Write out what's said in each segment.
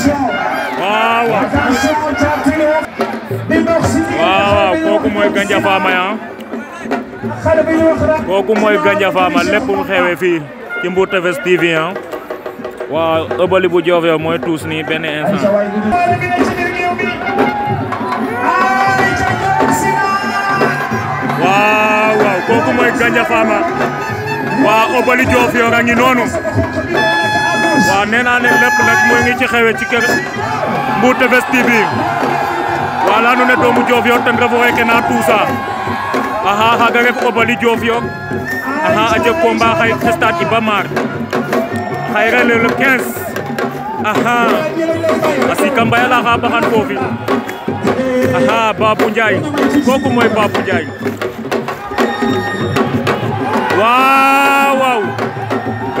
attention. waaw waaw attention mooy Gandia Fama ah. xale bi ñu mooy Gandia Fama lépp xewee fii ci Mbour ah. waaw ëbbali bu joof yow mooy tuus nii benn instant. waaw waaw kooku mooy Gandia Fama. waaw ëbbali joof yow a ngi noonu. waaw nee naa ne lépp nag mu ngi ci xewee ci kër Mbour Tefesse TV voilà nu ne doomu Diof yo ten refu xeke na Tousa axa xaaga ref o bali Diof yo axa a jeg combat xay stade Iba Mar xay rele le 15 axa a sika mbay ala xa baxan foofi axa Babou Ndiaye kooku mooy Babou Ndiaye waaw waaw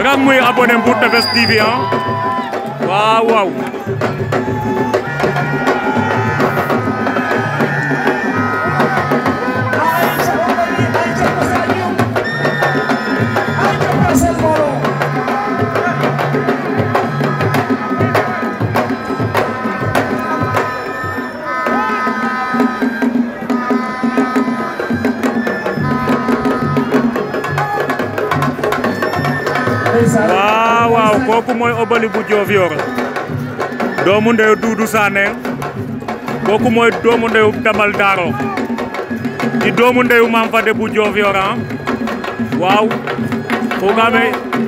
ram muy abonné Mbour Tefesse TV ah waaw waaw waaw kooku mooy Obeuli bu Diofior doomu ndeyu Doudou Sané kooku mooy doomu ndeyu Tambal Daaro di doomu ndeyu Mame Fadé bu Diofior a ah. waaw xugaame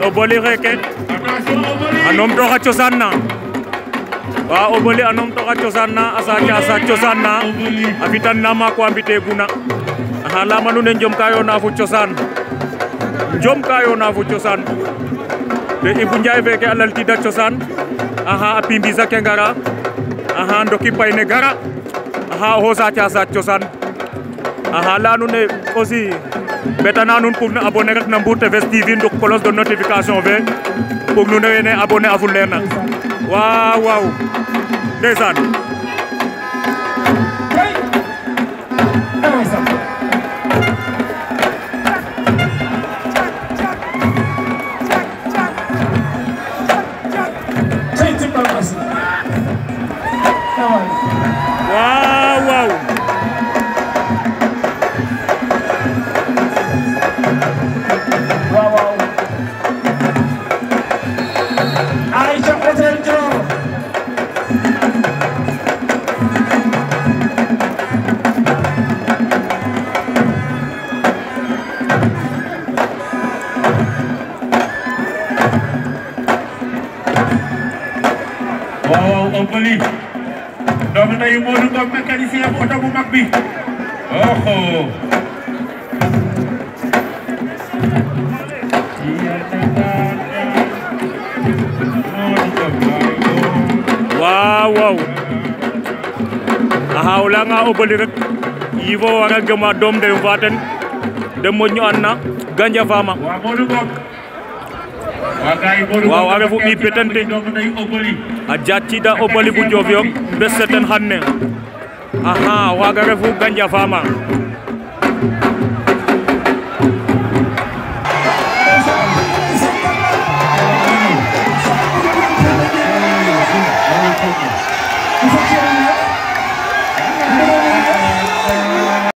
Obeuli xeeke a numtooxa cosaan na wa Obeuli a numtooxa cosaan na a saaca a cosaan na a fitan na maak wa mbiteeguna axa a nuun e njom ka yoona fo cosaan jom jomkayo nafo cosaan te Ibou Ndiaye feke a laltida cosaan axa a pimbisa ke ngara axa ndoki pay ne gara axa oxo cha sac chosan aha la nu ne aussi beta na nuun pour ne abonné rek na Mbour Tefesse TV ndok cloche de notification ve pour nuun ne abonné a fuleer na waaw waaw desan ndeysaan waaw waaw Aïcha Hôtel Dior waaw waaw Obeuli doomu ndeyu Modou Ngom mécanicien oto bu mag bi oh waaw axa o layanga rek yiifo wara gema doom ndeyum fa ten den moƴno an ganja faama waaw a refu ɓiy peten de a jatiida o bali fo joof refu ganja faama